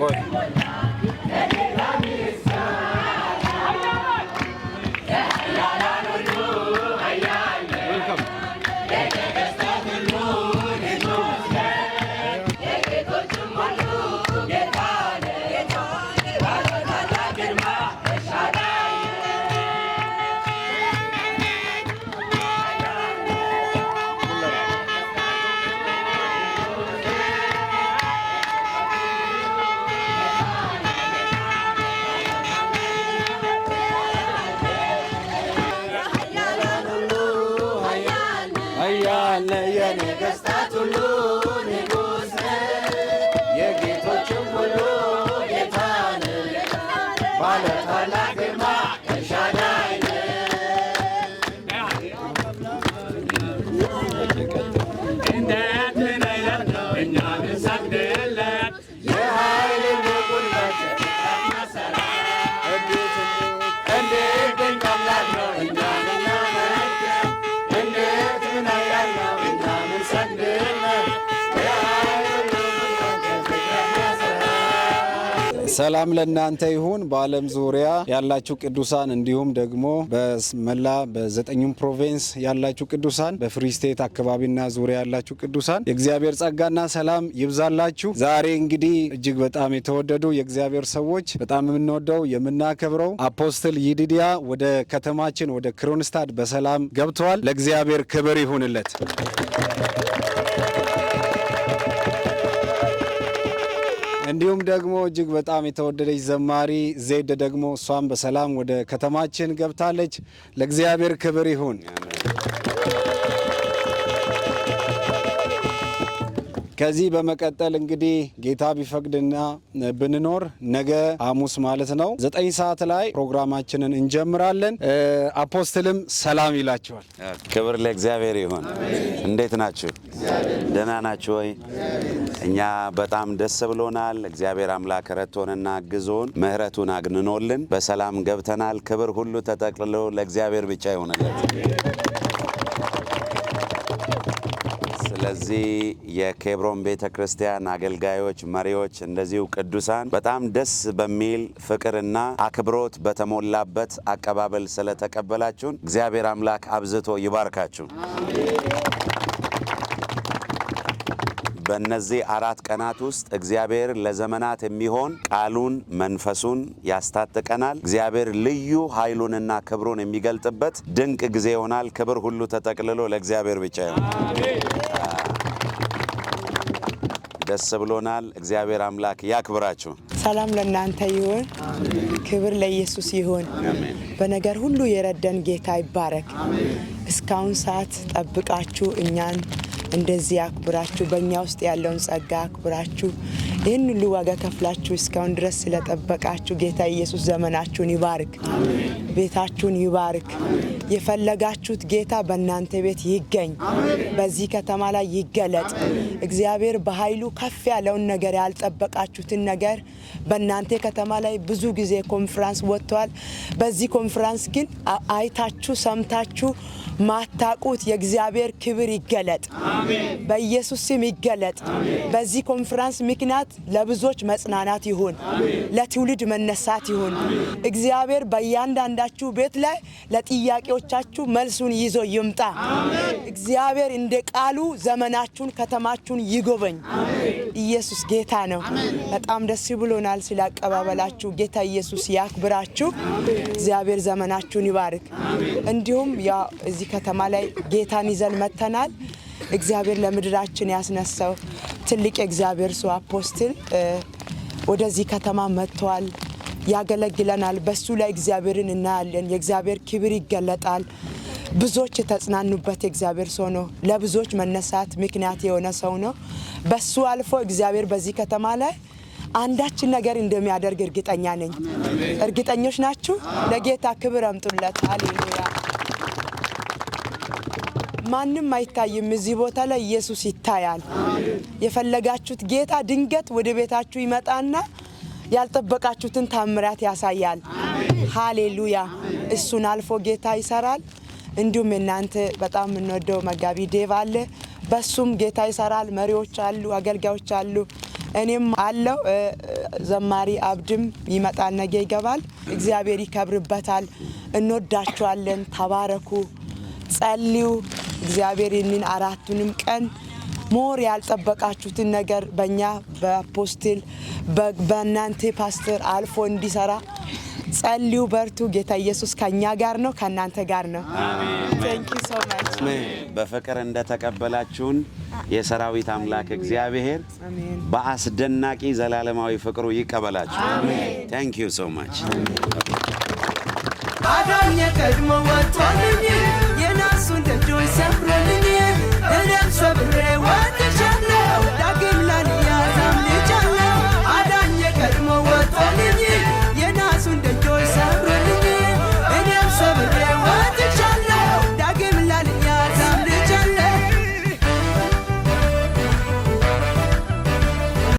What? ያለ የነገስታት ሁሉ ሰላም ለእናንተ ይሁን። በዓለም ዙሪያ ያላችሁ ቅዱሳን እንዲሁም ደግሞ በመላ በዘጠኙም ፕሮቬንስ ያላችሁ ቅዱሳን በፍሪ ስቴት አካባቢና ዙሪያ ያላችሁ ቅዱሳን የእግዚአብሔር ጸጋና ሰላም ይብዛላችሁ። ዛሬ እንግዲህ እጅግ በጣም የተወደዱ የእግዚአብሔር ሰዎች በጣም የምንወደው የምናከብረው አፖስትል ይዲዲያ ወደ ከተማችን ወደ ክሮንስታድ በሰላም ገብተዋል። ለእግዚአብሔር ክብር ይሁንለት። እንዲሁም ደግሞ እጅግ በጣም የተወደደች ዘማሪ ዜድ ደግሞ እሷም በሰላም ወደ ከተማችን ገብታለች። ለእግዚአብሔር ክብር ይሁን። ከዚህ በመቀጠል እንግዲህ ጌታ ቢፈቅድና ብንኖር ነገ ሐሙስ ማለት ነው ዘጠኝ ሰዓት ላይ ፕሮግራማችንን እንጀምራለን። አፖስትልም ሰላም ይላችኋል። ክብር ለእግዚአብሔር ይሁን። እንዴት ናችሁ? ደህና ናችሁ ወይ? እኛ በጣም ደስ ብሎናል። እግዚአብሔር አምላክ ረቶንና ግዞን ምሕረቱን አግንኖልን በሰላም ገብተናል። ክብር ሁሉ ተጠቅልሎ ለእግዚአብሔር ብቻ ይሆንለት። ለዚህ የኬብሮን ቤተ ክርስቲያን አገልጋዮች፣ መሪዎች፣ እንደዚሁ ቅዱሳን በጣም ደስ በሚል ፍቅርና አክብሮት በተሞላበት አቀባበል ስለተቀበላችሁን እግዚአብሔር አምላክ አብዝቶ ይባርካችሁ። በእነዚህ አራት ቀናት ውስጥ እግዚአብሔር ለዘመናት የሚሆን ቃሉን መንፈሱን ያስታጥቀናል። እግዚአብሔር ልዩ ኃይሉንና ክብሩን የሚገልጥበት ድንቅ ጊዜ ይሆናል። ክብር ሁሉ ተጠቅልሎ ለእግዚአብሔር ብቻ ይሆናል። ደስ ብሎናል። እግዚአብሔር አምላክ ያክብራችሁ። ሰላም ለእናንተ ይሁን። ክብር ለኢየሱስ ይሁን። በነገር ሁሉ የረደን ጌታ ይባረክ። እስካሁን ሰዓት ጠብቃችሁ እኛን እንደዚህ አክብራችሁ በእኛ ውስጥ ያለውን ጸጋ አክብራችሁ ይህን ሁሉ ዋጋ ከፍላችሁ እስካሁን ድረስ ስለጠበቃችሁ ጌታ ኢየሱስ ዘመናችሁን ይባርክ፣ ቤታችሁን ይባርክ። የፈለጋችሁት ጌታ በእናንተ ቤት ይገኝ፣ በዚህ ከተማ ላይ ይገለጥ። እግዚአብሔር በኃይሉ ከፍ ያለውን ነገር ያልጠበቃችሁትን ነገር በእናንተ ከተማ ላይ ብዙ ጊዜ ኮንፍራንስ ወጥተዋል። በዚህ ኮንፍራንስ ግን አይታችሁ ሰምታችሁ ማታቁት የእግዚአብሔር ክብር ይገለጥ፣ በኢየሱስ ስም ይገለጥ። በዚህ ኮንፈረንስ ምክንያት ለብዙዎች መጽናናት ይሁን፣ ለትውልድ መነሳት ይሁን። እግዚአብሔር በእያንዳንዳችሁ ቤት ላይ ለጥያቄዎቻችሁ መልሱን ይዞ ይምጣ። እግዚአብሔር እንደ ቃሉ ዘመናችሁን፣ ከተማችሁን ይጎበኝ። ኢየሱስ ጌታ ነው። በጣም ደስ ብሎናል ስለ አቀባበላችሁ። ጌታ ኢየሱስ ያክብራችሁ። እግዚአብሔር ዘመናችሁን ይባርክ። እንዲሁም እዚህ ከተማ ላይ ጌታን ይዘን መጥተናል። እግዚአብሔር ለምድራችን ያስነሳው ትልቅ የእግዚአብሔር ሰው አፖስትል ወደዚህ ከተማ መጥቷል፣ ያገለግለናል። በሱ ላይ እግዚአብሔርን እናያለን። የእግዚአብሔር ክብር ይገለጣል። ብዙዎች የተጽናኑበት የእግዚአብሔር ሰው ነው። ለብዙዎች መነሳት ምክንያት የሆነ ሰው ነው። በሱ አልፎ እግዚአብሔር በዚህ ከተማ ላይ አንዳችን ነገር እንደሚያደርግ እርግጠኛ ነኝ። እርግጠኞች ናችሁ? ለጌታ ክብር አምጡለት። ሃሌሉያ ማንም አይታይም። እዚህ ቦታ ላይ ኢየሱስ ይታያል። የፈለጋችሁት ጌታ ድንገት ወደ ቤታችሁ ይመጣና ያልጠበቃችሁትን ታምራት ያሳያል። ሃሌሉያ! እሱን አልፎ ጌታ ይሰራል። እንዲሁም እናንተ በጣም የምንወደው መጋቢ ዴቭ አለ። በሱም ጌታ ይሰራል። መሪዎች አሉ፣ አገልጋዮች አሉ፣ እኔም አለው። ዘማሪ አብድም ይመጣል፣ ነገ ይገባል። እግዚአብሔር ይከብርበታል። እንወዳችኋለን። ተባረኩ፣ ጸልዩ። እግዚአብሔር ይህንን አራቱንም ቀን ሞር ያልጠበቃችሁትን ነገር በእኛ በአፖስትል በእናንተ ፓስተር አልፎ እንዲሰራ ጸልዩ፣ በርቱ። ጌታ ኢየሱስ ከእኛ ጋር ነው፣ ከእናንተ ጋር ነው። በፍቅር እንደተቀበላችሁን የሰራዊት አምላክ እግዚአብሔር በአስደናቂ ዘላለማዊ ፍቅሩ ይቀበላችሁ። ታንክ ዩ ሶ ማች አዳኝ ቀድሞ